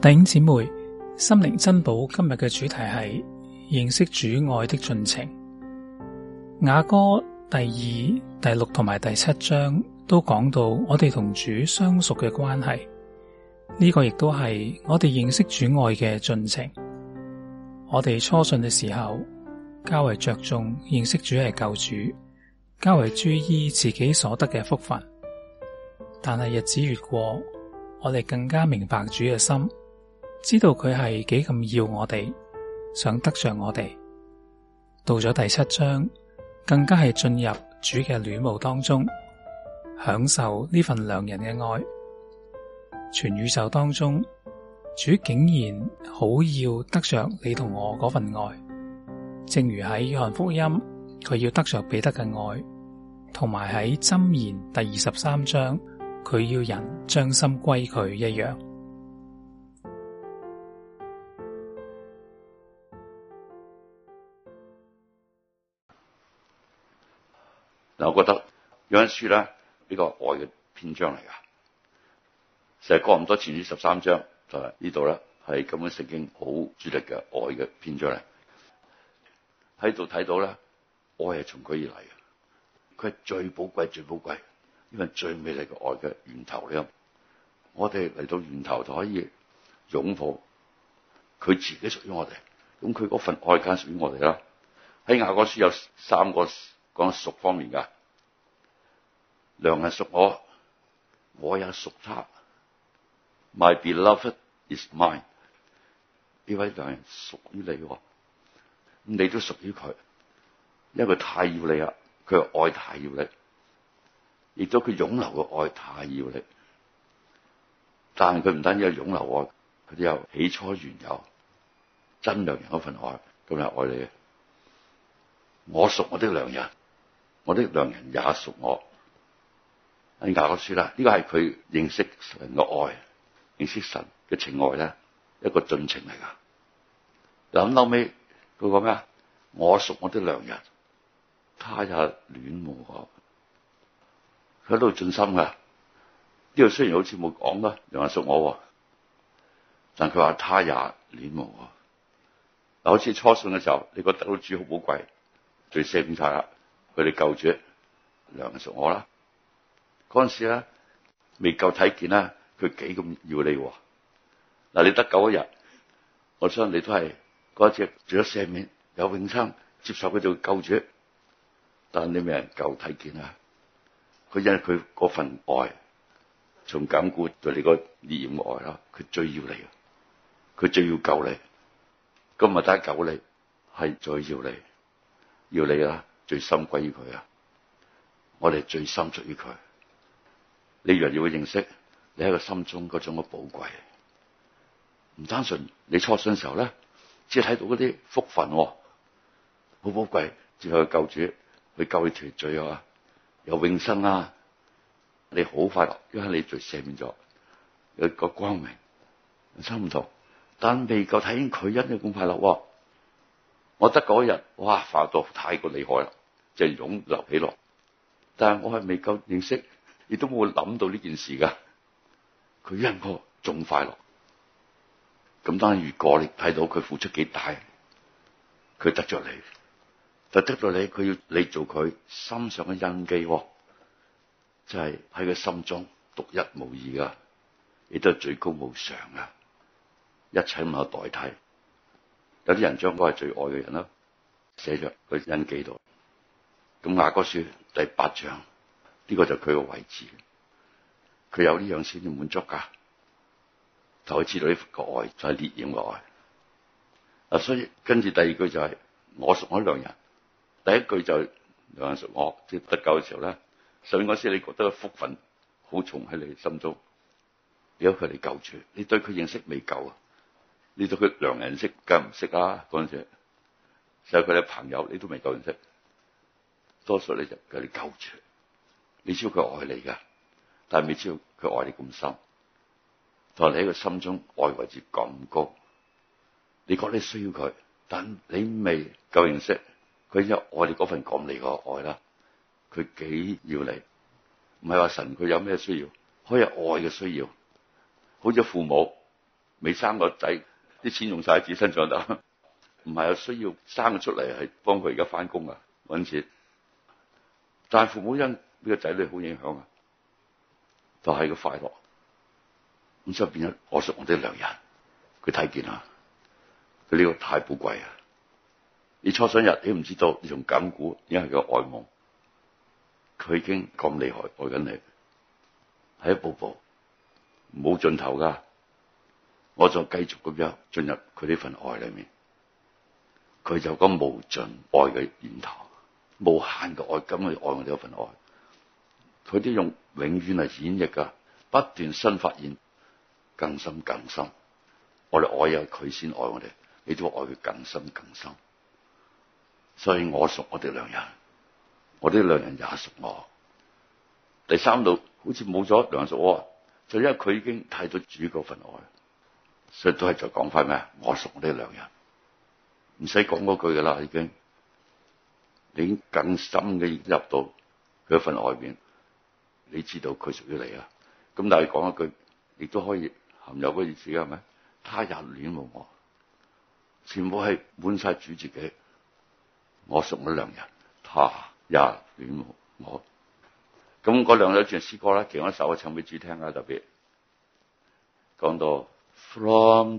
弟兄姊妹，心靈珍寶，今日嘅主題係認識主愛的進程。雅歌第二、第六同埋第七章都講到我哋同主相屬嘅關係，呢個亦都係我哋認識主愛嘅進程。我哋初信嘅時候，較為着重認識主係救主，較為注意自己所得嘅福分。但係日子越過，我哋更加明白主嘅心。知道佢係幾咁要我哋，想得着我哋。到咗第七章，更加係進入主嘅戀慕當中，享受呢份良人嘅愛。全宇宙當中，主竟然好要得着你同我嗰份愛。正如喺約翰福音，佢要得着彼得嘅愛，同埋喺箴言第二十三章，佢要人將心歸佢一樣。嗱，我覺得《雅歌書》咧、這、呢個愛嘅篇章嚟噶，成日講咁多前書十三章就係呢度咧，係咁樣聖經好主力嘅愛嘅篇章嚟。喺度睇到咧，愛係從佢而嚟嘅，佢係最寶貴、最寶貴，因為最美麗嘅愛嘅源頭嚟。我哋嚟到源頭就可以擁抱佢自己屬於我哋，咁佢嗰份愛更加屬於我哋啦。喺《雅歌書》有三個。講屬方面嘅，良人屬我，我也屬他。My beloved is mine，呢位良人屬於你、哦，咁你都屬於佢，因為佢太要你啦，佢愛太要你，亦都佢湧流嘅愛太要你。但係佢唔單止有湧流愛，佢有起初原有真良人嗰份愛，咁又愛你，我屬我的良人。我的良人也屬我。阿亞哥說啦，呢個係佢認識神嘅愛，認識神嘅情愛咧，一個進程嚟噶。嗱咁尾佢講咩啊？我屬我的良人，他也戀慕我。佢喺度盡心噶。呢度雖然好似冇講啦，良人屬我，但佢話他也戀慕我。嗱，好似初信嘅時候，你覺得到主好寶貴，最捨命晒啦。佢哋救主良人屬我啦，嗰陣時咧，未夠睇見啦，佢幾咁要你喎。嗱，你得救一日，我相信你都係嗰一次住咗赦免有永生，接受佢做救主。但你未人夠睇見啊，佢因為佢嗰份愛，從感古對你個烈愛啦，佢最要你，佢最要救你，咁咪得救你係最要你，要你啦。最深歸於佢啊！我哋最深屬於佢。你若要認識你喺佢心中嗰種嘅寶貴，唔單純。你初信嘅時候咧，只係睇到嗰啲福分，好寶貴。之後去救主，去救你脫罪啊，有永生啊，你好快樂。因為你罪赦免咗，有個光明心唔同，但未夠睇見佢因嘅咁快樂。我覺得嗰日，哇！犯墮太過厲害啦～就係湧流起落，但係我係未夠認識，亦都冇諗到呢件事噶。佢因我仲快樂，咁當然如果你睇到佢付出幾大，佢得咗你，就得咗你，佢要你做佢心上嘅印記、哦，就係喺佢心中獨一無二噶，亦都係最高無常噶，一切唔可代替。有啲人將我係最愛嘅人啦、哦，寫咗佢印記度。咁雅歌説第八章，呢、這個就佢個位置，佢有呢樣先至滿足㗎。就去、是、知道呢個愛就係、是、烈焰嘅愛、啊。所以跟住第二句就係、是、我屬我良人，第一句就良、是、人屬我，即係得救嘅時候咧。上邊嗰時你覺得個福分好重喺你心中，如果佢哋救住你，對佢認識未夠啊？你對佢良人識梗唔識啊。嗰陣時，就係佢哋朋友，你都未夠認識。多數你就佢嚟，救住你，知道佢愛你噶，但係未知道佢愛你咁深，同你喺佢心中愛位置咁高，你覺得你需要佢，但你未夠認識佢有愛你嗰份，咁嚟個愛啦。佢幾要你，唔係話，神佢有咩需要，可以有愛嘅需要，好似父母未生個仔，啲錢用晒喺自己身上度，唔 係有需要生個出嚟係幫佢而家翻工啊，搵錢。但係父母因呢個仔女好影響啊，就係個快樂，咁就變咗我屬我的良人，佢睇見啊，佢呢個太寶貴啊！你初生日你唔知道，你仲咁估因為佢愛我，佢已經咁厲害愛緊你，係一步步冇盡頭噶，我就繼續咁樣進入佢呢份愛裏面，佢就個無盡愛嘅源頭。無限嘅愛，咁去愛我哋嗰份愛，佢都用永遠嚟演繹噶，不斷新發現，更深更深，我哋愛有佢先愛我哋，你都愛佢更深更深，所以我屬我哋良人，我哋良人也屬我。第三度好似冇咗良人屬我，就因為佢已經睇到主嗰份愛，所以都係就講翻咩？我屬我哋良人，唔使講嗰句噶啦，已經。你已你更深嘅已入到佢份外邊，你知道佢屬於你啊。咁但係講一句，亦都可以含有嗰意思嘅，係咪？他也戀慕我，全部係滿晒主那那自己。我屬我良人，「他也戀慕我。咁嗰兩首詩歌咧，其中一首我唱俾主聽啊，特別講到。From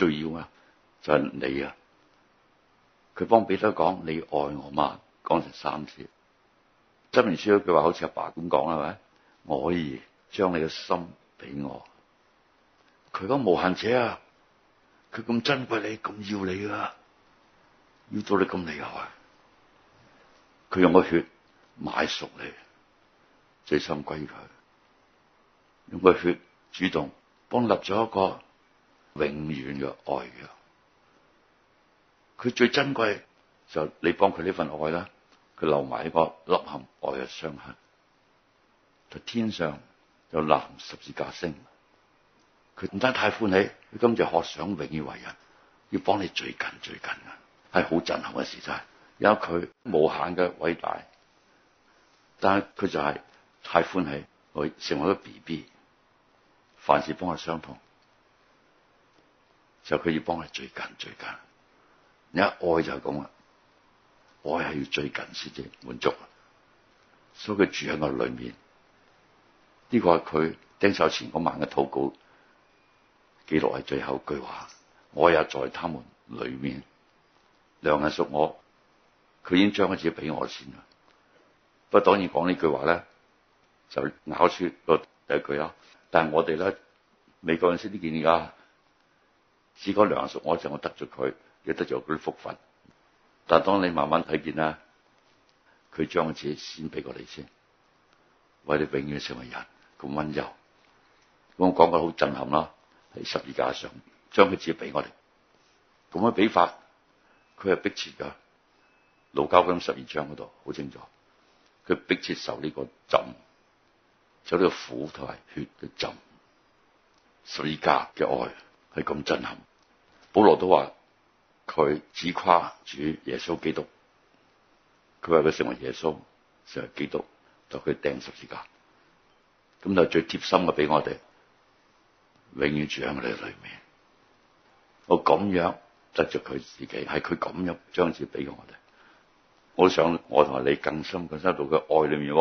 最重要啊，就係你啊！佢幫彼得講：你愛我嘛？講成三次。箴言書嗰句話好似阿爸咁講，係咪？我可以將你嘅心俾我。佢講，無限者啊，佢咁珍貴你，咁要你啊，要到你咁厲害。佢用個血買熟你，最心歸佢。用個血主動幫立咗一個。永遠嘅愛嘅，佢最珍貴就你幫佢呢份愛啦，佢留埋呢個凹陷愛嘅傷痕。就天上有藍十字架星，佢唔單太歡喜，佢今次學想永遠為人，要幫你最近最近嘅，係好震撼嘅事就係，因為佢無限嘅偉大，但係佢就係太歡喜，佢成為一個 BB，凡事幫佢傷痛。就佢要幫佢最近最近，一愛就係咁啦，愛係要最近先至滿足，所以佢住喺我裏面。呢、這個係佢聽咗前嗰晚嘅禱告記錄，係最後句話。我也在他們裏面，良人屬我，佢已經將佢自己俾我先啦。不過當然講呢句話咧，就咬住個第一句啊。但係我哋咧，美國人陣啲建議㗎。知哥良人屬我，我一陣我得咗佢，亦得咗佢啲福分。但係當你慢慢睇見啦，佢將自己先俾過你先，我哋永遠成為人咁溫柔。咁我講句好震撼啦，喺十二架上將佢自己俾我哋，咁樣俾法，佢係逼切噶。路加福音十二章嗰度好清楚，佢逼切受呢個浸，受呢個苦同埋血嘅浸。十二架嘅愛係咁震撼。保羅都話佢只誇主耶穌基督，佢話佢成為耶穌，成為基督，就佢釘十字架，咁就最貼心嘅俾我哋，永遠住喺我哋裏面。我咁樣得着佢自己，係佢咁樣將自己俾我哋，我想我同埋你更深更深到佢愛裏面。